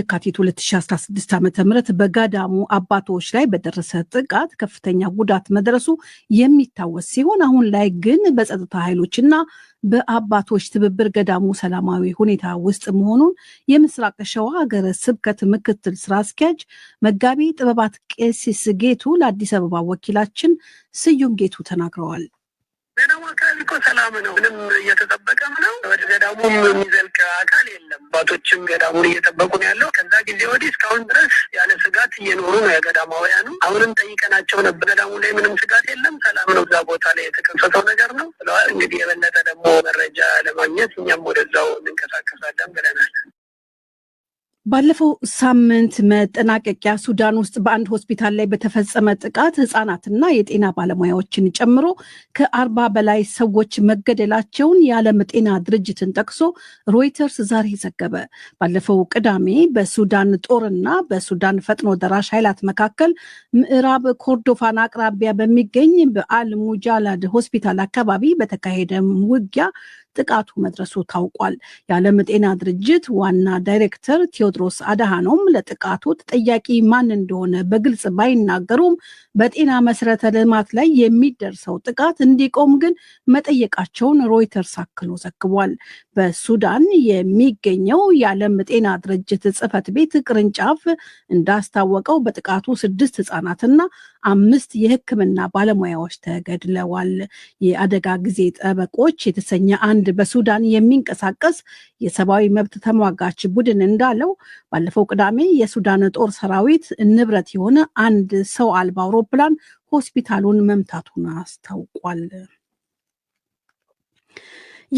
የካቲት 2016 ዓ ም በጋዳሙ አባቶች ላይ በደረሰ ጥቃት ከፍተኛ ጉዳት መድረሱ የሚታወስ ሲሆን አሁን ላይ ግን በጸጥታ ኃይሎችና በአባቶች ትብብር ገዳሙ ሰላማዊ ሁኔታ ውስጥ መሆኑን የምስራቅ ሸዋ ሀገረ ስብከት ምክትል ስራ አስኪያጅ መጋቢ ጥበባት ቄሲስ ጌቱ ለአዲስ አበባ ወኪላችን ስዩም ጌቱ ተናግረዋል። ገዳሙ አካባቢ እኮ ሰላም ነው፣ ምንም እየተጠበቀም ነው። ወደ ገዳሙም የሚዘልቅ አካል የለም። አባቶችም ገዳሙን እየጠበቁ ነው ያለው። ከዛ ጊዜ ወዲህ እስካሁን ድረስ ያለ ስጋት እየኖሩ ነው የገዳማውያኑ። አሁንም ጠይቀናቸው ነበር። ገዳሙ ላይ ምንም ስጋት የለም፣ ሰላም ነው፣ እዛ ቦታ ላይ የተከሰተው ነገር ነው ብለዋል። እንግዲህ የበለጠ ደግሞ መረጃ ለማግኘት እኛም ወደዛው እንንቀሳቀሳለን ብለናል። ባለፈው ሳምንት መጠናቀቂያ ሱዳን ውስጥ በአንድ ሆስፒታል ላይ በተፈጸመ ጥቃት ህጻናትና የጤና ባለሙያዎችን ጨምሮ ከአርባ በላይ ሰዎች መገደላቸውን የዓለም ጤና ድርጅትን ጠቅሶ ሮይተርስ ዛሬ ዘገበ። ባለፈው ቅዳሜ በሱዳን ጦርና በሱዳን ፈጥኖ ደራሽ ኃይላት መካከል ምዕራብ ኮርዶፋን አቅራቢያ በሚገኝ በአል ሙጃላድ ሆስፒታል አካባቢ በተካሄደ ውጊያ ጥቃቱ መድረሱ ታውቋል። የዓለም ጤና ድርጅት ዋና ዳይሬክተር ቴዎድሮስ አድሃኖም ለጥቃቱ ተጠያቂ ማን እንደሆነ በግልጽ ባይናገሩም በጤና መሰረተ ልማት ላይ የሚደርሰው ጥቃት እንዲቆም ግን መጠየቃቸውን ሮይተርስ አክሎ ዘግቧል። በሱዳን የሚገኘው የዓለም ጤና ድርጅት ጽህፈት ቤት ቅርንጫፍ እንዳስታወቀው በጥቃቱ ስድስት ህጻናትና አምስት የህክምና ባለሙያዎች ተገድለዋል። የአደጋ ጊዜ ጠበቆች የተሰኘ አንድ ዘንድ በሱዳን የሚንቀሳቀስ የሰብአዊ መብት ተሟጋች ቡድን እንዳለው ባለፈው ቅዳሜ የሱዳን ጦር ሰራዊት ንብረት የሆነ አንድ ሰው አልባ አውሮፕላን ሆስፒታሉን መምታቱን አስታውቋል።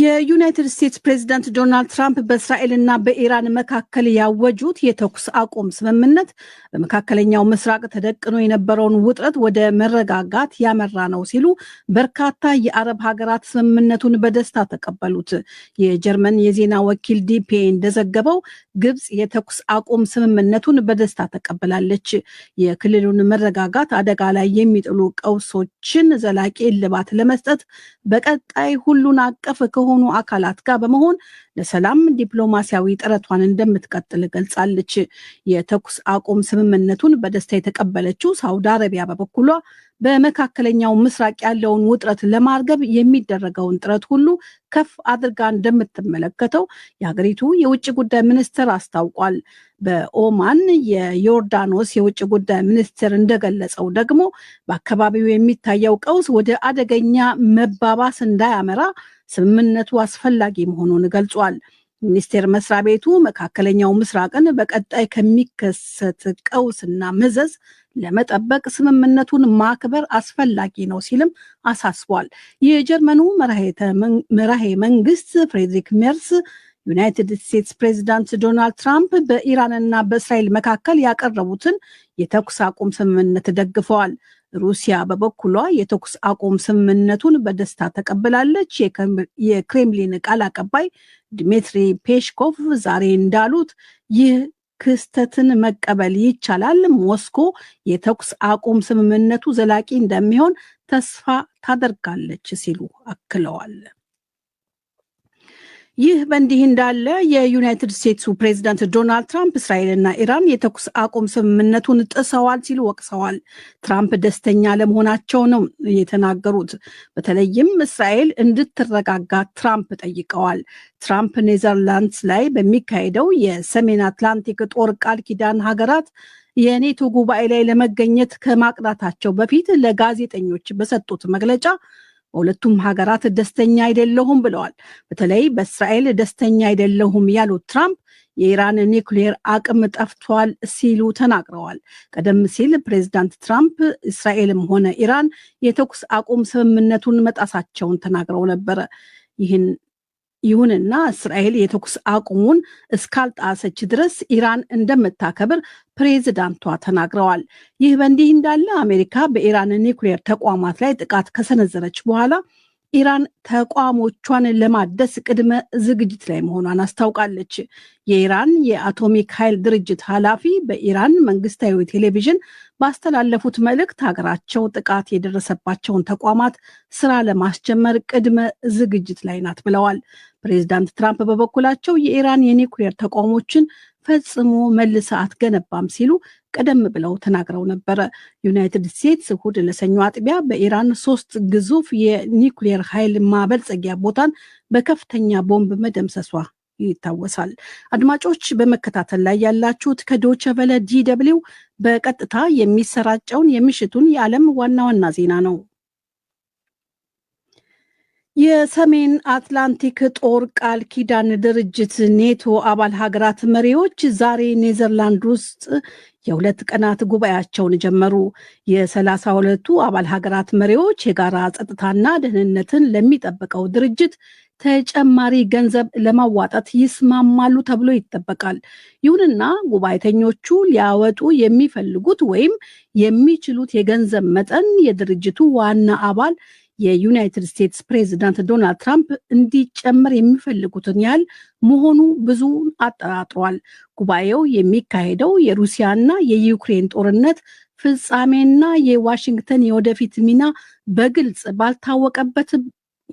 የዩናይትድ ስቴትስ ፕሬዚደንት ዶናልድ ትራምፕ በእስራኤልና በኢራን መካከል ያወጁት የተኩስ አቁም ስምምነት በመካከለኛው ምስራቅ ተደቅኖ የነበረውን ውጥረት ወደ መረጋጋት ያመራ ነው ሲሉ በርካታ የአረብ ሀገራት ስምምነቱን በደስታ ተቀበሉት። የጀርመን የዜና ወኪል ዲፒኤ እንደዘገበው ግብፅ የተኩስ አቁም ስምምነቱን በደስታ ተቀበላለች። የክልሉን መረጋጋት አደጋ ላይ የሚጥሉ ቀውሶችን ዘላቂ እልባት ለመስጠት በቀጣይ ሁሉን አቀፍ ከሆኑ አካላት ጋር በመሆን ለሰላም ዲፕሎማሲያዊ ጥረቷን እንደምትቀጥል ገልጻለች። የተኩስ አቁም ስምምነቱን በደስታ የተቀበለችው ሳውዲ አረቢያ በበኩሏ በመካከለኛው ምስራቅ ያለውን ውጥረት ለማርገብ የሚደረገውን ጥረት ሁሉ ከፍ አድርጋ እንደምትመለከተው የሀገሪቱ የውጭ ጉዳይ ሚኒስትር አስታውቋል። በኦማን የዮርዳኖስ የውጭ ጉዳይ ሚኒስትር እንደገለጸው ደግሞ በአካባቢው የሚታየው ቀውስ ወደ አደገኛ መባባስ እንዳያመራ ስምምነቱ አስፈላጊ መሆኑን ገልጿል። ሚኒስቴር መስሪያ ቤቱ መካከለኛው ምስራቅን በቀጣይ ከሚከሰት ቀውስና መዘዝ ለመጠበቅ ስምምነቱን ማክበር አስፈላጊ ነው ሲልም አሳስቧል። የጀርመኑ መራሄ መንግስት ፍሬድሪክ ሜርስ ዩናይትድ ስቴትስ ፕሬዚዳንት ዶናልድ ትራምፕ በኢራንና በእስራኤል መካከል ያቀረቡትን የተኩስ አቁም ስምምነት ደግፈዋል። ሩሲያ በበኩሏ የተኩስ አቁም ስምምነቱን በደስታ ተቀብላለች። የክሬምሊን ቃል አቀባይ ድሜትሪ ፔሽኮቭ ዛሬ እንዳሉት ይህ ክስተትን መቀበል ይቻላል። ሞስኮ የተኩስ አቁም ስምምነቱ ዘላቂ እንደሚሆን ተስፋ ታደርጋለች ሲሉ አክለዋል። ይህ በእንዲህ እንዳለ የዩናይትድ ስቴትሱ ፕሬዚዳንት ዶናልድ ትራምፕ እስራኤልና ኢራን የተኩስ አቁም ስምምነቱን ጥሰዋል ሲሉ ወቅሰዋል። ትራምፕ ደስተኛ ለመሆናቸው ነው የተናገሩት። በተለይም እስራኤል እንድትረጋጋ ትራምፕ ጠይቀዋል። ትራምፕ ኔዘርላንድስ ላይ በሚካሄደው የሰሜን አትላንቲክ ጦር ቃል ኪዳን ሀገራት የኔቶ ጉባኤ ላይ ለመገኘት ከማቅዳታቸው በፊት ለጋዜጠኞች በሰጡት መግለጫ በሁለቱም ሀገራት ደስተኛ አይደለሁም ብለዋል። በተለይ በእስራኤል ደስተኛ አይደለሁም ያሉት ትራምፕ የኢራን ኒውክሌር አቅም ጠፍቷል ሲሉ ተናግረዋል። ቀደም ሲል ፕሬዚዳንት ትራምፕ እስራኤልም ሆነ ኢራን የተኩስ አቁም ስምምነቱን መጣሳቸውን ተናግረው ነበረ። ይህን ይሁንና እስራኤል የተኩስ አቁሙን እስካልጣሰች ድረስ ኢራን እንደምታከብር ፕሬዝዳንቷ ተናግረዋል። ይህ በእንዲህ እንዳለ አሜሪካ በኢራን ኒውክሌር ተቋማት ላይ ጥቃት ከሰነዘረች በኋላ ኢራን ተቋሞቿን ለማደስ ቅድመ ዝግጅት ላይ መሆኗን አስታውቃለች። የኢራን የአቶሚክ ኃይል ድርጅት ኃላፊ በኢራን መንግስታዊ ቴሌቪዥን ባስተላለፉት መልእክት ሀገራቸው ጥቃት የደረሰባቸውን ተቋማት ስራ ለማስጀመር ቅድመ ዝግጅት ላይ ናት ብለዋል። ፕሬዚዳንት ትራምፕ በበኩላቸው የኢራን የኒውክሌር ተቋሞችን ፈጽሞ መልሰ አትገነባም ሲሉ ቀደም ብለው ተናግረው ነበረ። ዩናይትድ ስቴትስ እሁድ ለሰኞ አጥቢያ በኢራን ሶስት ግዙፍ የኒውክሌር ኃይል ማበልጸጊያ ቦታን በከፍተኛ ቦምብ መደምሰሷ ይታወሳል። አድማጮች በመከታተል ላይ ያላችሁት ከዶቼ ቬለ ዲ ደብልዩ በቀጥታ የሚሰራጨውን የምሽቱን የዓለም ዋና ዋና ዜና ነው። የሰሜን አትላንቲክ ጦር ቃል ኪዳን ድርጅት ኔቶ አባል ሀገራት መሪዎች ዛሬ ኔዘርላንድ ውስጥ የሁለት ቀናት ጉባኤያቸውን ጀመሩ። የሰላሳ ሁለቱ አባል ሀገራት መሪዎች የጋራ ጸጥታና ደህንነትን ለሚጠብቀው ድርጅት ተጨማሪ ገንዘብ ለማዋጣት ይስማማሉ ተብሎ ይጠበቃል። ይሁንና ጉባኤተኞቹ ሊያወጡ የሚፈልጉት ወይም የሚችሉት የገንዘብ መጠን የድርጅቱ ዋና አባል የዩናይትድ ስቴትስ ፕሬዚዳንት ዶናልድ ትራምፕ እንዲጨመር የሚፈልጉትን ያህል መሆኑ ብዙ አጠራጥሯል። ጉባኤው የሚካሄደው የሩሲያና የዩክሬን ጦርነት ፍጻሜና የዋሽንግተን የወደፊት ሚና በግልጽ ባልታወቀበት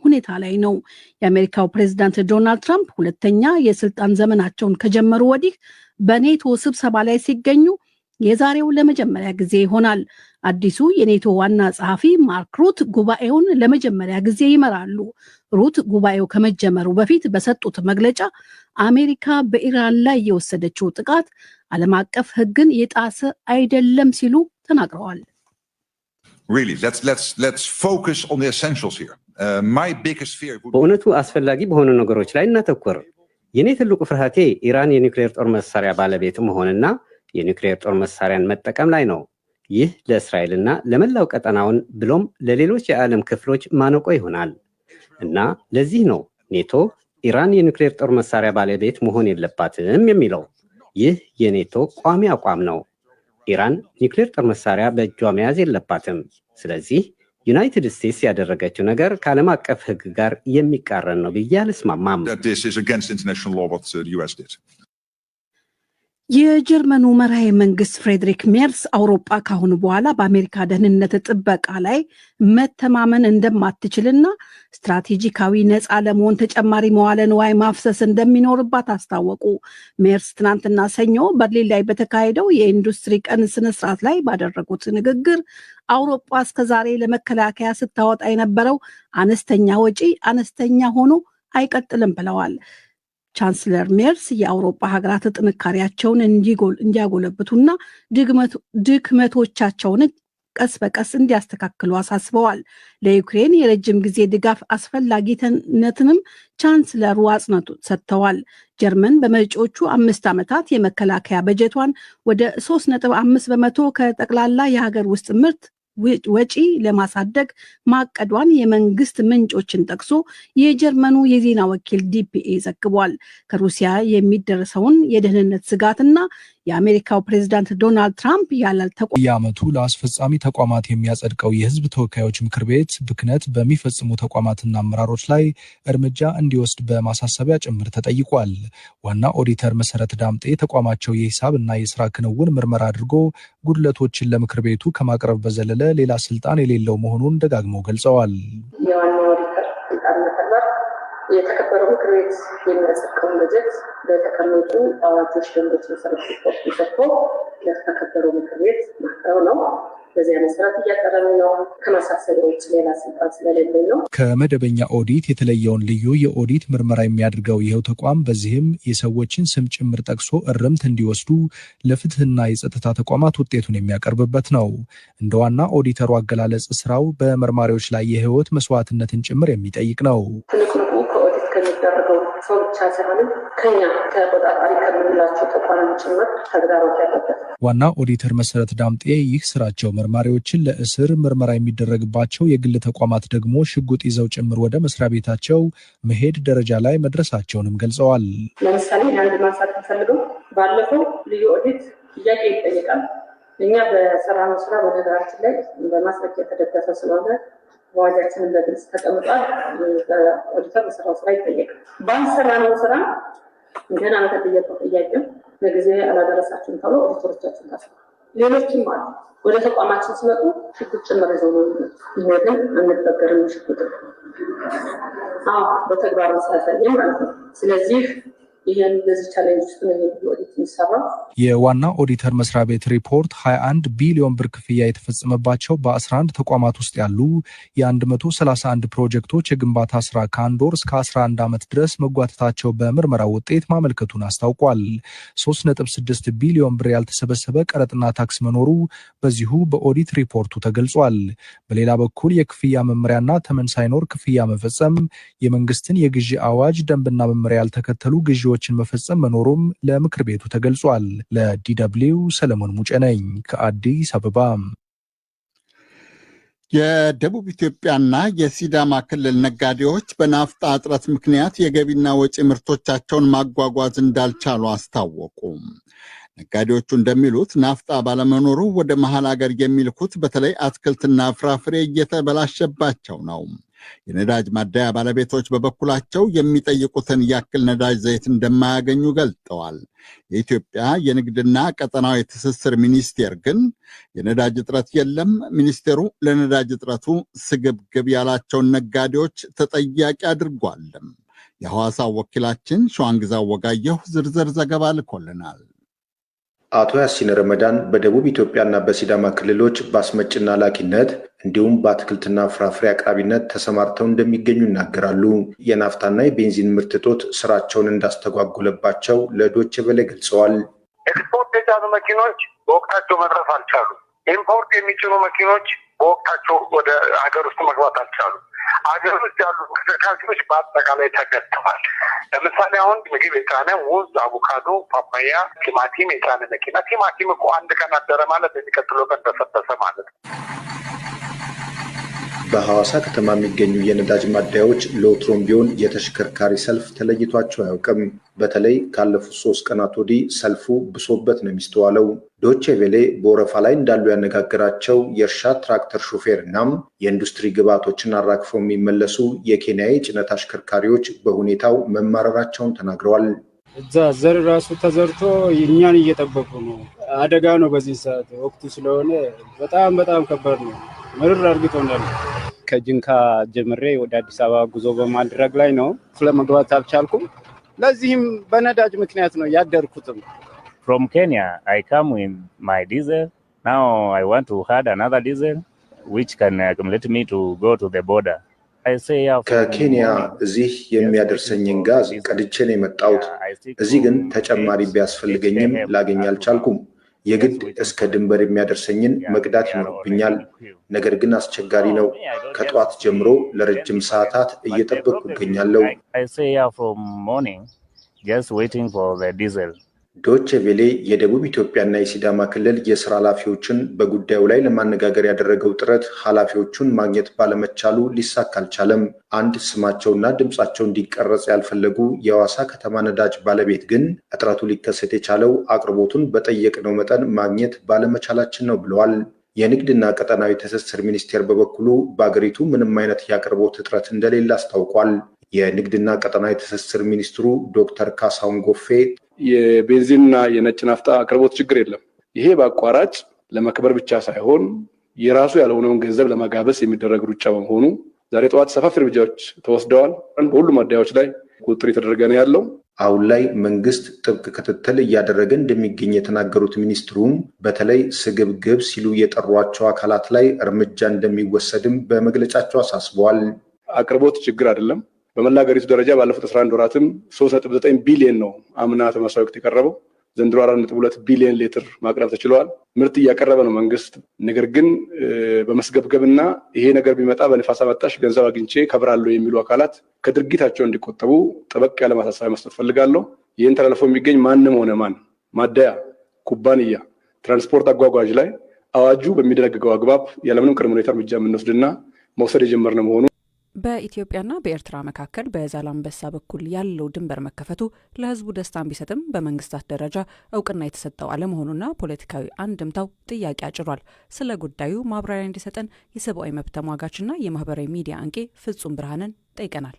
ሁኔታ ላይ ነው። የአሜሪካው ፕሬዚዳንት ዶናልድ ትራምፕ ሁለተኛ የስልጣን ዘመናቸውን ከጀመሩ ወዲህ በኔቶ ስብሰባ ላይ ሲገኙ የዛሬው ለመጀመሪያ ጊዜ ይሆናል። አዲሱ የኔቶ ዋና ጸሐፊ ማርክ ሩት ጉባኤውን ለመጀመሪያ ጊዜ ይመራሉ። ሩት ጉባኤው ከመጀመሩ በፊት በሰጡት መግለጫ አሜሪካ በኢራን ላይ የወሰደችው ጥቃት ዓለም አቀፍ ሕግን የጣሰ አይደለም ሲሉ ተናግረዋል። uh, በእውነቱ አስፈላጊ በሆኑ ነገሮች ላይ እናተኩር የኔ ትልቁ ፍርሃቴ ኢራን የኒውክሌር ጦር መሳሪያ ባለቤት መሆንና የኒውክሌር ጦር መሳሪያን መጠቀም ላይ ነው። ይህ ለእስራኤልና ለመላው ቀጠናውን ብሎም ለሌሎች የዓለም ክፍሎች ማነቆ ይሆናል እና ለዚህ ነው ኔቶ ኢራን የኒውክሌር ጦር መሳሪያ ባለቤት መሆን የለባትም የሚለው። ይህ የኔቶ ቋሚ አቋም ነው። ኢራን ኒውክሌር ጦር መሳሪያ በእጇ መያዝ የለባትም። ስለዚህ ዩናይትድ ስቴትስ ያደረገችው ነገር ከዓለም አቀፍ ሕግ ጋር የሚቃረን ነው ብዬ አልስማማም። የጀርመኑ መራሄ መንግስት ፍሬድሪክ ሜርስ አውሮጳ ካሁን በኋላ በአሜሪካ ደህንነት ጥበቃ ላይ መተማመን እንደማትችልና ስትራቴጂካዊ ነፃ ለመሆን ተጨማሪ መዋለ ንዋይ ማፍሰስ እንደሚኖርባት አስታወቁ። ሜርስ ትናንትና ሰኞ በርሊን ላይ በተካሄደው የኢንዱስትሪ ቀን ስነስርዓት ላይ ባደረጉት ንግግር አውሮፓ እስከዛሬ ለመከላከያ ስታወጣ የነበረው አነስተኛ ወጪ አነስተኛ ሆኖ አይቀጥልም ብለዋል። ቻንስለር ሜርስ የአውሮፓ ሀገራት ጥንካሬያቸውን እንዲያጎለብቱና ድክመቶቻቸውን ቀስ በቀስ እንዲያስተካክሉ አሳስበዋል። ለዩክሬን የረጅም ጊዜ ድጋፍ አስፈላጊነትንም ቻንስለሩ አጽንኦት ሰጥተዋል። ጀርመን በመጪዎቹ አምስት ዓመታት የመከላከያ በጀቷን ወደ 3.5 በመቶ ከጠቅላላ የሀገር ውስጥ ምርት ወጪ ለማሳደግ ማቀዷን የመንግስት ምንጮችን ጠቅሶ የጀርመኑ የዜና ወኪል ዲፒኤ ዘግቧል። ከሩሲያ የሚደረሰውን የደህንነት ስጋትና የአሜሪካው ፕሬዚዳንት ዶናልድ ትራምፕ ያላል የዓመቱ ለአስፈጻሚ ተቋማት የሚያጸድቀው የህዝብ ተወካዮች ምክር ቤት ብክነት በሚፈጽሙ ተቋማትና አመራሮች ላይ እርምጃ እንዲወስድ በማሳሰቢያ ጭምር ተጠይቋል። ዋና ኦዲተር መሰረት ዳምጤ ተቋማቸው የሂሳብ እና የስራ ክንውን ምርመራ አድርጎ ጉድለቶችን ለምክር ቤቱ ከማቅረብ በዘለለ ሌላ ስልጣን የሌለው መሆኑን ደጋግመው ገልጸዋል። የዋናው ኦዲተር ስልጣን መተግበር የተከበረው ምክር ቤት የሚያጸድቀውን በጀት በተቀመጡ አዋጆች፣ ደንቦች መሰረት ሪፖርት ሰጥቶ ለተከበረው ምክር ቤት ማቅረብ ነው። በዚያ መሰረት እያቀረብ ነው። ከማሳሰቢያ ሌላ ስልጣን ስለሌለኝ ነው። ከመደበኛ ኦዲት የተለየውን ልዩ የኦዲት ምርመራ የሚያደርገው ይኸው ተቋም በዚህም የሰዎችን ስም ጭምር ጠቅሶ እርምት እንዲወስዱ ለፍትህና የጸጥታ ተቋማት ውጤቱን የሚያቀርብበት ነው። እንደ ዋና ኦዲተሩ አገላለጽ ስራው በመርማሪዎች ላይ የህይወት መስዋዕትነትን ጭምር የሚጠይቅ ነው። ከሚደረገው ሰው ብቻ ሳይሆንም ከኛ ተቆጣጣሪ ከምንላቸው ተቋማት ጭምር ተግዳሮት ያለበት። ዋና ኦዲተር መሰረት ዳምጤ ይህ ስራቸው መርማሪዎችን ለእስር ምርመራ የሚደረግባቸው የግል ተቋማት ደግሞ ሽጉጥ ይዘው ጭምር ወደ መስሪያ ቤታቸው መሄድ ደረጃ ላይ መድረሳቸውንም ገልጸዋል። ለምሳሌ ለአንድ ማንሳት ፈልገው ባለፈው ልዩ ኦዲት ጥያቄ ይጠየቃል። እኛ በሰራነው ስራ በነገራችን ላይ በማስረጃ የተደገፈ ስለሆነ መዋጃችንን በግልጽ ተቀምጧል። ኦዲተር በሰራው ስራ ይጠየቃል። ነው ስራ ገና በተጠየቀው ጥያቄም ለጊዜ አላደረሳችሁም ተብሎ ኦዲተሮቻችን ታስ ሌሎችም አሉ። ወደ ተቋማችን ሲመጡ ሽጉጥ ጭምር ይዘው ነው የሚመጡት። ግን አንበገርም። ሽጉጥ በተግባር ሳያሳየም ማለት ነው። ስለዚህ ይህን በዚህ ውስጥ ነው ኦዲት የዋና ኦዲተር መስሪያ ቤት ሪፖርት 21 ቢሊዮን ብር ክፍያ የተፈጸመባቸው በ11 ተቋማት ውስጥ ያሉ የ131 ፕሮጀክቶች የግንባታ ስራ ከአንድ ወር እስከ 11 ዓመት ድረስ መጓተታቸው በምርመራ ውጤት ማመልከቱን አስታውቋል። 3.6 ቢሊዮን ብር ያልተሰበሰበ ቀረጥና ታክስ መኖሩ በዚሁ በኦዲት ሪፖርቱ ተገልጿል። በሌላ በኩል የክፍያ መመሪያና ተመን ሳይኖር ክፍያ መፈጸም፣ የመንግስትን የግዢ አዋጅ ደንብና መመሪያ ያልተከተሉ ግዢዎች ወንጀሎችን መፈጸም መኖሩም ለምክር ቤቱ ተገልጿል። ለዲደብሊው ሰለሞን ሙጬ ነኝ ከአዲስ አበባ። የደቡብ ኢትዮጵያና የሲዳማ ክልል ነጋዴዎች በናፍጣ እጥረት ምክንያት የገቢና ወጪ ምርቶቻቸውን ማጓጓዝ እንዳልቻሉ አስታወቁም። ነጋዴዎቹ እንደሚሉት ናፍጣ ባለመኖሩ ወደ መሀል አገር የሚልኩት በተለይ አትክልትና ፍራፍሬ እየተበላሸባቸው ነው። የነዳጅ ማደያ ባለቤቶች በበኩላቸው የሚጠይቁትን ያክል ነዳጅ ዘይት እንደማያገኙ ገልጠዋል። የኢትዮጵያ የንግድና ቀጠናዊ ትስስር ሚኒስቴር ግን የነዳጅ እጥረት የለም፣ ሚኒስቴሩ ለነዳጅ እጥረቱ ስግብግብ ያላቸውን ነጋዴዎች ተጠያቂ አድርጓልም። የሐዋሳው ወኪላችን ሸዋንግዛ ወጋየሁ ዝርዝር ዘገባ ልኮልናል። አቶ ያሲን ረመዳን በደቡብ ኢትዮጵያና በሲዳማ ክልሎች በአስመጭና ላኪነት እንዲሁም በአትክልትና ፍራፍሬ አቅራቢነት ተሰማርተው እንደሚገኙ ይናገራሉ። የናፍታና የቤንዚን ምርት እጦት ስራቸውን እንዳስተጓጉለባቸው ለዶች ቬለ ገልጸዋል። ኤክስፖርት የጫኑ መኪኖች በወቅታቸው መድረስ አልቻሉ። ኢምፖርት የሚጭኑ መኪኖች በወቅታቸው ወደ ሀገር ውስጥ መግባት አልቻሉ። ሀገር ውስጥ ያሉ እንቅስቃሴዎች በአጠቃላይ ተገድተዋል። ለምሳሌ አሁን ምግብ የጫነ ሙዝ፣ አቮካዶ፣ ፓፓያ፣ ቲማቲም የጫነ መኪና ቲማቲም እኮ አንድ ቀን አደረ ማለት የሚቀጥለው ቀን ተፈተሰ ማለት ነው። በሐዋሳ ከተማ የሚገኙ የነዳጅ ማደያዎች ለወትሮም ቢሆን የተሽከርካሪ ሰልፍ ተለይቷቸው አያውቅም። በተለይ ካለፉት ሶስት ቀናት ወዲህ ሰልፉ ብሶበት ነው የሚስተዋለው። ዶቼ ቬሌ በወረፋ ላይ እንዳሉ ያነጋገራቸው የእርሻ ትራክተር ሾፌር እናም የኢንዱስትሪ ግብዓቶችን አራግፈው የሚመለሱ የኬንያ የጭነት አሽከርካሪዎች በሁኔታው መማረራቸውን ተናግረዋል። እዛ ዘር ራሱ ተዘርቶ እኛን እየጠበቁ ነው። አደጋ ነው። በዚህ ሰዓት ወቅቱ ስለሆነ በጣም በጣም ከባድ ነው። ምርር አድርግቶኛል። ከጅንካ ጀምሬ ወደ አዲስ አበባ ጉዞ በማድረግ ላይ ነው። ስለመግባት አልቻልኩም። ለዚህም በነዳጅ ምክንያት ነው ያደርኩትም። ፍሮም ኬንያ አይ ካም ዊዝ ማይ ዲዘል ናው አይ ዋንት ቱ ሃድ አናዘር ዲዘል ዊች ካን አክሙሌት ሚ ቱ ጎ ቱ ዘ ቦርደር ከኬንያ እዚህ የሚያደርሰኝን ጋዝ ቀድቼ ነው የመጣሁት። እዚህ ግን ተጨማሪ ቢያስፈልገኝም ላገኝ አልቻልኩም። የግድ እስከ ድንበር የሚያደርሰኝን መቅዳት ይኖርብኛል። ነገር ግን አስቸጋሪ ነው። ከጠዋት ጀምሮ ለረጅም ሰዓታት እየጠበቅኩ እገኛለሁ። ዶች ቬሌ የደቡብ ኢትዮጵያና የሲዳማ ክልል የስራ ኃላፊዎችን በጉዳዩ ላይ ለማነጋገር ያደረገው ጥረት ኃላፊዎቹን ማግኘት ባለመቻሉ ሊሳካ አልቻለም። አንድ ስማቸውና ድምፃቸው እንዲቀረጽ ያልፈለጉ የሐዋሳ ከተማ ነዳጅ ባለቤት ግን እጥረቱ ሊከሰት የቻለው አቅርቦቱን በጠየቅነው መጠን ማግኘት ባለመቻላችን ነው ብለዋል። የንግድና ቀጠናዊ ትስስር ሚኒስቴር በበኩሉ በአገሪቱ ምንም አይነት የአቅርቦት እጥረት እንደሌለ አስታውቋል። የንግድና ቀጠናዊ ትስስር ሚኒስትሩ ዶክተር ካሳሁን ጎፌ የቤንዚንና የነጭ ናፍጣ አቅርቦት ችግር የለም። ይሄ በአቋራጭ ለመክበር ብቻ ሳይሆን የራሱ ያልሆነውን ገንዘብ ለመጋበስ የሚደረግ ሩጫ በመሆኑ ዛሬ ጠዋት ሰፋፊ እርምጃዎች ተወስደዋል። በሁሉም አዳያዎች ላይ ቁጥጥር የተደረገ ነው ያለው። አሁን ላይ መንግስት ጥብቅ ክትትል እያደረገ እንደሚገኝ የተናገሩት ሚኒስትሩም በተለይ ስግብግብ ሲሉ የጠሯቸው አካላት ላይ እርምጃ እንደሚወሰድም በመግለጫቸው አሳስበዋል። አቅርቦት ችግር አይደለም በመላ ሀገሪቱ ደረጃ ባለፉት 11 ወራትም 3.9 ቢሊዮን ነው አምና ተመሳሳይ ወቅት የቀረበው። ዘንድሮ 4.2 ቢሊዮን ሊትር ማቅረብ ተችለዋል። ምርት እያቀረበ ነው መንግስት። ነገር ግን በመስገብገብና ይሄ ነገር ቢመጣ በንፋስ አመጣሽ ገንዘብ አግኝቼ ከብራለሁ የሚሉ አካላት ከድርጊታቸው እንዲቆጠቡ ጠበቅ ያለ ማሳሰቢያ መስጠት ፈልጋለሁ። ይህን ተላልፎ የሚገኝ ማንም ሆነ ማን ማደያ፣ ኩባንያ፣ ትራንስፖርት አጓጓዥ ላይ አዋጁ በሚደነግገው አግባብ ያለምንም ቅድመ ሁኔታ እርምጃ የምንወስድና መውሰድ የጀመርነ መሆኑ በኢትዮጵያና በኤርትራ መካከል በዛላምበሳ በኩል ያለው ድንበር መከፈቱ ለሕዝቡ ደስታን ቢሰጥም በመንግስታት ደረጃ እውቅና የተሰጠው አለመሆኑና ፖለቲካዊ አንድምታው ጥያቄ አጭሯል። ስለ ጉዳዩ ማብራሪያ እንዲሰጠን የሰብአዊ መብት ተሟጋችና የማህበራዊ ሚዲያ አንቄ ፍጹም ብርሃንን ጠይቀናል።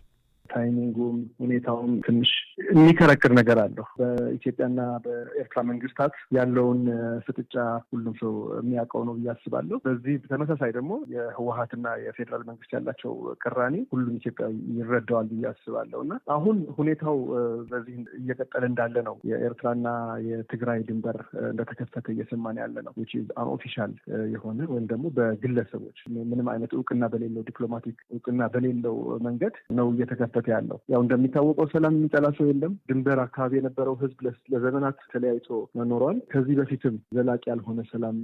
ታይሚንጉም ሁኔታውም ትንሽ የሚከረክር ነገር አለው። በኢትዮጵያና በኤርትራ መንግስታት ያለውን ፍጥጫ ሁሉም ሰው የሚያውቀው ነው ብዬ አስባለሁ። በዚህ በተመሳሳይ ደግሞ የህወሀትና የፌዴራል መንግስት ያላቸው ቅራኔ ሁሉም ኢትዮጵያ ይረዳዋል ብዬ አስባለሁ እና አሁን ሁኔታው በዚህ እየቀጠለ እንዳለ ነው። የኤርትራና የትግራይ ድንበር እንደተከፈተ እየሰማን ያለ ነው። አንኦፊሻል የሆነ ወይም ደግሞ በግለሰቦች ምንም አይነት እውቅና በሌለው ዲፕሎማቲክ እውቅና በሌለው መንገድ ነው እየተከፈተ እየተከሰተ ያለው። ያው እንደሚታወቀው ሰላም የሚጠላ ሰው የለም። ድንበር አካባቢ የነበረው ህዝብ ለዘመናት ተለያይቶ መኖሯል። ከዚህ በፊትም ዘላቂ ያልሆነ ሰላም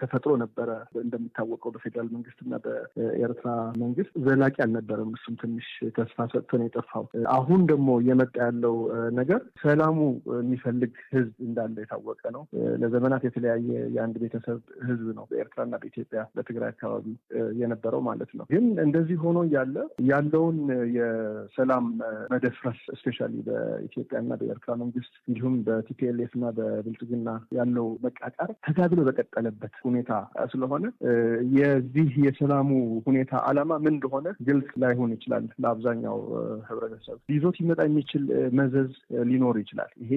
ተፈጥሮ ነበረ። እንደሚታወቀው በፌዴራል መንግስትና በኤርትራ መንግስት ዘላቂ አልነበረም። እሱም ትንሽ ተስፋ ሰጥቶ ነው የጠፋው። አሁን ደግሞ እየመጣ ያለው ነገር ሰላሙ የሚፈልግ ህዝብ እንዳለ የታወቀ ነው። ለዘመናት የተለያየ የአንድ ቤተሰብ ህዝብ ነው በኤርትራና በኢትዮጵያ በትግራይ አካባቢ የነበረው ማለት ነው። ግን እንደዚህ ሆኖ እያለ ያለውን ሰላም መደፍረስ እስፔሻሊ በኢትዮጵያና በኤርትራ መንግስት እንዲሁም በቲፒኤልኤፍ እና በብልጽግና ያለው መቃቃር ተጋግሎ በቀጠለበት ሁኔታ ስለሆነ የዚህ የሰላሙ ሁኔታ አላማ ምን እንደሆነ ግልጽ ላይሆን ይችላል ለአብዛኛው ህብረተሰብ። ይዞት ሊመጣ የሚችል መዘዝ ሊኖር ይችላል። ይሄ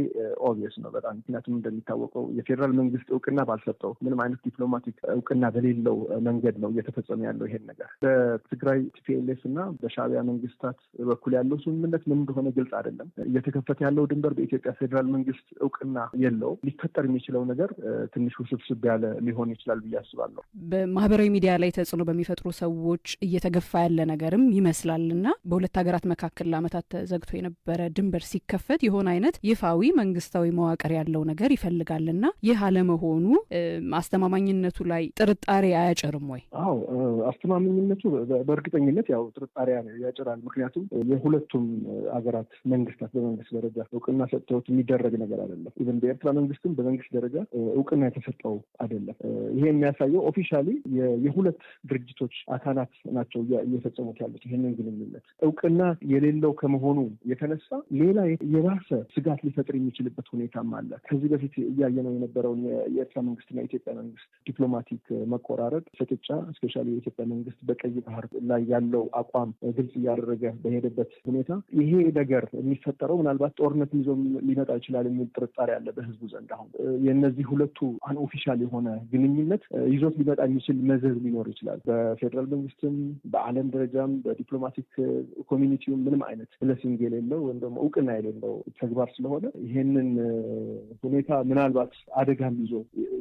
ኦብቪየስ ነው በጣም ምክንያቱም እንደሚታወቀው የፌዴራል መንግስት እውቅና ባልሰጠው ምንም አይነት ዲፕሎማቲክ እውቅና በሌለው መንገድ ነው እየተፈጸመ ያለው ይሄን ነገር በትግራይ ቲፒኤልኤፍ እና በሻቢያ መንግስታት በኩል ያለው ስምምነት ምን እንደሆነ ግልጽ አይደለም። እየተከፈተ ያለው ድንበር በኢትዮጵያ ፌዴራል መንግስት እውቅና የለውም። ሊፈጠር የሚችለው ነገር ትንሽ ውስብስብ ያለ ሊሆን ይችላል ብዬ አስባለሁ። በማህበራዊ ሚዲያ ላይ ተጽዕኖ በሚፈጥሩ ሰዎች እየተገፋ ያለ ነገርም ይመስላል እና በሁለት ሀገራት መካከል ለአመታት ተዘግቶ የነበረ ድንበር ሲከፈት የሆነ አይነት ይፋዊ መንግስታዊ መዋቅር ያለው ነገር ይፈልጋል እና ይህ አለመሆኑ አስተማማኝነቱ ላይ ጥርጣሬ አያጭርም ወይ? አዎ አስተማማኝነቱ በእርግጠኝነት ያው ጥርጣሬ ያጭራል። ምክንያቱም ሁለቱም ሀገራት መንግስታት በመንግስት ደረጃ እውቅና ሰጥተውት የሚደረግ ነገር አይደለም። ኢቨን በኤርትራ መንግስትም በመንግስት ደረጃ እውቅና የተሰጠው አይደለም። ይሄ የሚያሳየው ኦፊሻሊ የሁለት ድርጅቶች አካላት ናቸው እየፈጸሙት ያሉት ይህንን ግንኙነት። እውቅና የሌለው ከመሆኑ የተነሳ ሌላ የባሰ ስጋት ሊፈጥር የሚችልበት ሁኔታም አለ። ከዚህ በፊት እያየነው የነበረውን የኤርትራ መንግስትና የኢትዮጵያ መንግስት ዲፕሎማቲክ መቆራረጥ፣ ፍጥጫ፣ እስፔሻሊ የኢትዮጵያ መንግስት በቀይ ባህር ላይ ያለው አቋም ግልጽ እያደረገ በሄደበት ባለበት ሁኔታ ይሄ ነገር የሚፈጠረው ምናልባት ጦርነት ይዞ ሊመጣ ይችላል የሚል ጥርጣሬ አለ በህዝቡ ዘንድ። አሁን የእነዚህ ሁለቱ አንኦፊሻል የሆነ ግንኙነት ይዞት ሊመጣ የሚችል መዘዝ ሊኖር ይችላል። በፌዴራል መንግስትም፣ በዓለም ደረጃም፣ በዲፕሎማቲክ ኮሚኒቲውም ምንም አይነት ብለሲንግ የሌለው ወይም ደግሞ እውቅና የሌለው ተግባር ስለሆነ ይሄንን ሁኔታ ምናልባት አደጋም ይዞ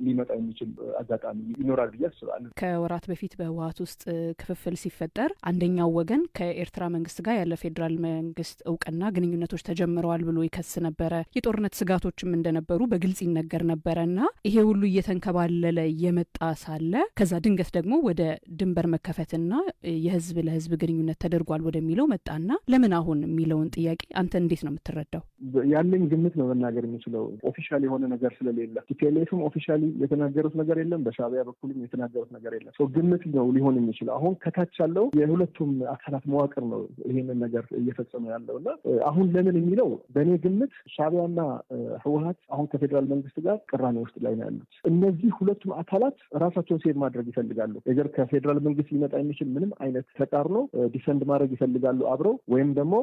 ሊመጣ የሚችል አጋጣሚ ይኖራል ብዬ አስባለሁ። ከወራት በፊት በህወሀት ውስጥ ክፍፍል ሲፈጠር አንደኛው ወገን ከኤርትራ መንግስት ጋር ያለ የፌዴራል መንግስት እውቅና ግንኙነቶች ተጀምረዋል ብሎ ይከስ ነበረ። የጦርነት ስጋቶችም እንደነበሩ በግልጽ ይነገር ነበረ እና ይሄ ሁሉ እየተንከባለለ የመጣ ሳለ ከዛ ድንገት ደግሞ ወደ ድንበር መከፈትና የህዝብ ለህዝብ ግንኙነት ተደርጓል ወደሚለው መጣና ለምን አሁን የሚለውን ጥያቄ አንተ እንዴት ነው የምትረዳው? ያለኝ ግምት ነው መናገር የሚችለው ኦፊሻል የሆነ ነገር ስለሌለ ቲፒኤልኤፍም ኦፊሻሊ የተናገሩት ነገር የለም፣ በሻቢያ በኩልም የተናገሩት ነገር የለም። ግምት ነው ሊሆን የሚችለው አሁን ከታች ያለው የሁለቱም አካላት መዋቅር ነው ይህንን ነገር እየፈጸመ ያለው እና አሁን ለምን የሚለው በእኔ ግምት ሻቢያና ህወሀት አሁን ከፌዴራል መንግስት ጋር ቅራኔ ውስጥ ላይ ነው ያሉት። እነዚህ ሁለቱም አካላት ራሳቸውን ሴድ ማድረግ ይፈልጋሉ። ነገር ከፌዴራል መንግስት ሊመጣ የሚችል ምንም አይነት ተቃርኖ ዲፈንድ ማድረግ ይፈልጋሉ አብረው ወይም ደግሞ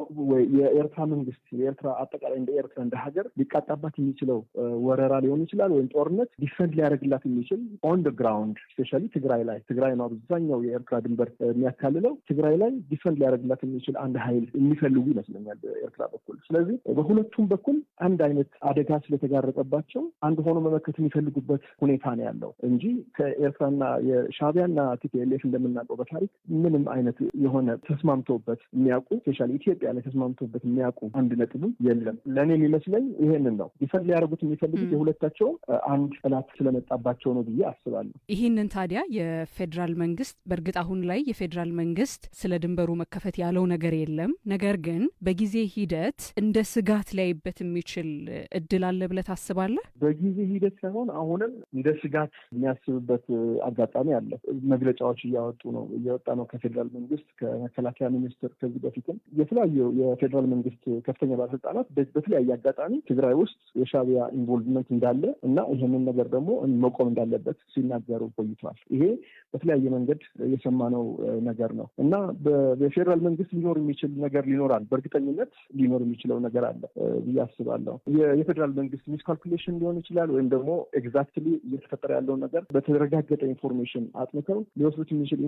የኤርትራ መንግስት የኤርትራ አጠቃላይ እንደ ኤርትራ እንደ ሀገር ሊቃጣባት የሚችለው ወረራ ሊሆን ይችላል ወይም ጦርነት ዲፈንድ ሊያደርግላት የሚችል ኦን ግራውንድ ስፔሻሊ ትግራይ ላይ ትግራይ ነው አብዛኛው የኤርትራ ድንበር የሚያካልለው ትግራይ ላይ ዲፈንድ ሊያደርግላት የሚችል አንድ ሀይል የሚፈልጉ ይመስለኛል በኤርትራ በኩል። ስለዚህ በሁለቱም በኩል አንድ አይነት አደጋ ስለተጋረጠባቸው አንድ ሆኖ መመከት የሚፈልጉበት ሁኔታ ነው ያለው እንጂ ከኤርትራና የሻቢያና ቲፒኤልኤፍ እንደምናውቀው በታሪክ ምንም አይነት የሆነ ተስማምቶበት የሚያውቁ ስፔሻሊ ኢትዮጵያ ላይ ተስማምቶበት የሚያውቁ አንድ ነጥብም የለም። ለእኔ የሚመስለኝ ይሄንን ነው ይፈል ሊያደርጉት የሚፈልጉት የሁለታቸው አንድ ጥላት ስለመጣባቸው ነው ብዬ አስባለሁ። ይህንን ታዲያ የፌዴራል መንግስት በእርግጥ አሁን ላይ የፌዴራል መንግስት ስለ ድንበሩ መከፈት ያለው ነገር የለም ነገር ግን በጊዜ ሂደት እንደ ስጋት ሊያይበት የሚችል እድል አለ ብለህ ታስባለህ? በጊዜ ሂደት ሳይሆን አሁንም እንደ ስጋት የሚያስብበት አጋጣሚ አለ። መግለጫዎች እያወጡ ነው እያወጣ ነው ከፌዴራል መንግስት፣ ከመከላከያ ሚኒስቴር ከዚህ በፊትም የተለያዩ የፌዴራል መንግስት ከፍተኛ ባለስልጣናት በተለያየ አጋጣሚ ትግራይ ውስጥ የሻቢያ ኢንቮልቭመንት እንዳለ እና ይህንን ነገር ደግሞ መቆም እንዳለበት ሲናገሩ ቆይተዋል። ይሄ በተለያየ መንገድ የሰማነው ነገር ነው እና በፌዴራል መንግስት ሊኖር የሚችል ነገር ነገር ሊኖራል፣ በእርግጠኝነት ሊኖር የሚችለው ነገር አለ ብዬ አስባለሁ። የፌዴራል መንግስት ሚስካልኩሌሽን ሊሆን ይችላል ወይም ደግሞ ኤግዛክትሊ እየተፈጠረ ያለውን ነገር በተረጋገጠ ኢንፎርሜሽን አጥንተው ሊወስዱት የሚችል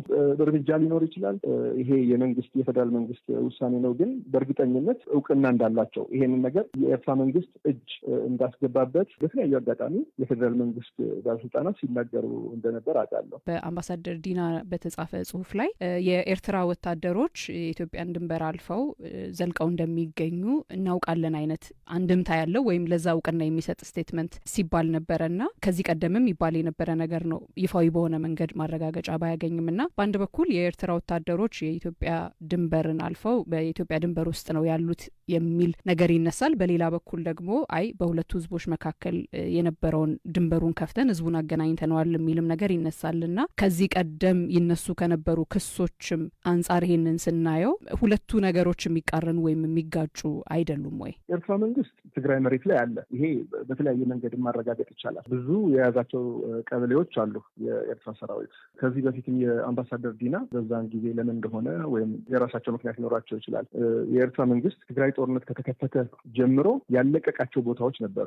እርምጃ ሊኖር ይችላል። ይሄ የመንግስት የፌዴራል መንግስት ውሳኔ ነው፣ ግን በእርግጠኝነት እውቅና እንዳላቸው ይሄንን ነገር የኤርትራ መንግስት እጅ እንዳስገባበት በተለያዩ አጋጣሚ የፌዴራል መንግስት ባለስልጣናት ሲናገሩ እንደነበር አውቃለሁ። በአምባሳደር ዲና በተጻፈ ጽሁፍ ላይ የኤርትራ ወታደሮች የኢትዮጵያን ድንበር አልፈው አልፈው ዘልቀው እንደሚገኙ እናውቃለን አይነት አንድምታ ያለው ወይም ለዛ እውቅና የሚሰጥ ስቴትመንት ሲባል ነበረና ከዚህ ቀደምም ይባል የነበረ ነገር ነው። ይፋዊ በሆነ መንገድ ማረጋገጫ ባያገኝም እና በአንድ በኩል የኤርትራ ወታደሮች የኢትዮጵያ ድንበርን አልፈው በኢትዮጵያ ድንበር ውስጥ ነው ያሉት የሚል ነገር ይነሳል። በሌላ በኩል ደግሞ አይ በሁለቱ ህዝቦች መካከል የነበረውን ድንበሩን ከፍተን ህዝቡን አገናኝተነዋል የሚልም ነገር ይነሳል እና ከዚህ ቀደም ይነሱ ከነበሩ ክሶችም አንጻር ይሄንን ስናየው ሁለቱ ነገር ነገሮች የሚቃረኑ ወይም የሚጋጩ አይደሉም ወይ? የኤርትራ መንግስት ትግራይ መሬት ላይ አለ። ይሄ በተለያየ መንገድ ማረጋገጥ ይቻላል። ብዙ የያዛቸው ቀበሌዎች አሉ የኤርትራ ሰራዊት። ከዚህ በፊትም የአምባሳደር ዲና በዛን ጊዜ ለምን እንደሆነ ወይም የራሳቸው ምክንያት ሊኖራቸው ይችላል። የኤርትራ መንግስት ትግራይ ጦርነት ከተከፈተ ጀምሮ ያለቀቃቸው ቦታዎች ነበሩ።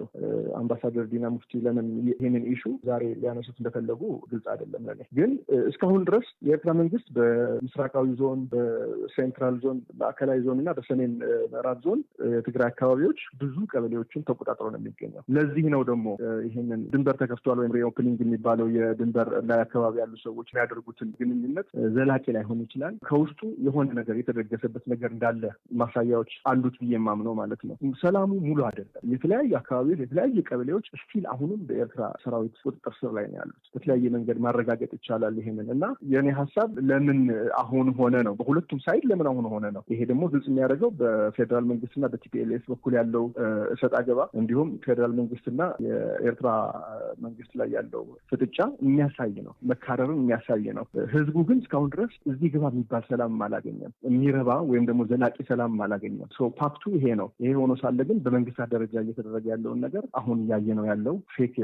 አምባሳደር ዲና ሙፍቲ ለምን ይህንን ኢሹ ዛሬ ሊያነሱት እንደፈለጉ ግልጽ አይደለም ለኔ። ግን እስካሁን ድረስ የኤርትራ መንግስት በምስራቃዊ ዞን፣ በሴንትራል ዞን፣ ማዕከላዊ ዞን እና በሰሜን ምዕራብ ዞን የትግራይ አካባቢዎች ብዙ ቀበሌዎችን ተቆጣጥሮ ነው የሚገኘው። ለዚህ ነው ደግሞ ይህንን ድንበር ተከፍቷል ወይም ሪኦፕኒንግ የሚባለው የድንበር ላይ አካባቢ ያሉ ሰዎች የሚያደርጉትን ግንኙነት ዘላቂ ላይሆን ይችላል። ከውስጡ የሆነ ነገር የተደገሰበት ነገር እንዳለ ማሳያዎች አሉት ብዬ የማምነው ማለት ነው። ሰላሙ ሙሉ አይደለም። የተለያዩ አካባቢዎች፣ የተለያዩ ቀበሌዎች ስቲል አሁንም በኤርትራ ሰራዊት ቁጥጥር ስር ላይ ነው ያሉት። በተለያየ መንገድ ማረጋገጥ ይቻላል ይህንን እና የእኔ ሀሳብ ለምን አሁን ሆነ ነው፣ በሁለቱም ሳይድ ለምን አሁን ሆነ ነው። ይሄ ደግሞ ግልጽ የሚያደርገው በፌዴራል መንግስትና በቲፒኤልኤፍ በኩል ያለው እሰጥ አገባ እንዲሁም ፌዴራል መንግስትና የኤርትራ መንግስት ላይ ያለው ፍጥጫ የሚያሳይ ነው። መካረርን የሚያሳይ ነው። ህዝቡ ግን እስካሁን ድረስ እዚህ ግባ የሚባል ሰላም አላገኘም። የሚረባ ወይም ደግሞ ዘላቂ ሰላም አላገኘም። ፓክቱ ይሄ ነው። ይሄ ሆኖ ሳለ ግን በመንግስታት ደረጃ እየተደረገ ያለውን ነገር አሁን እያየ ነው ያለው ፌክ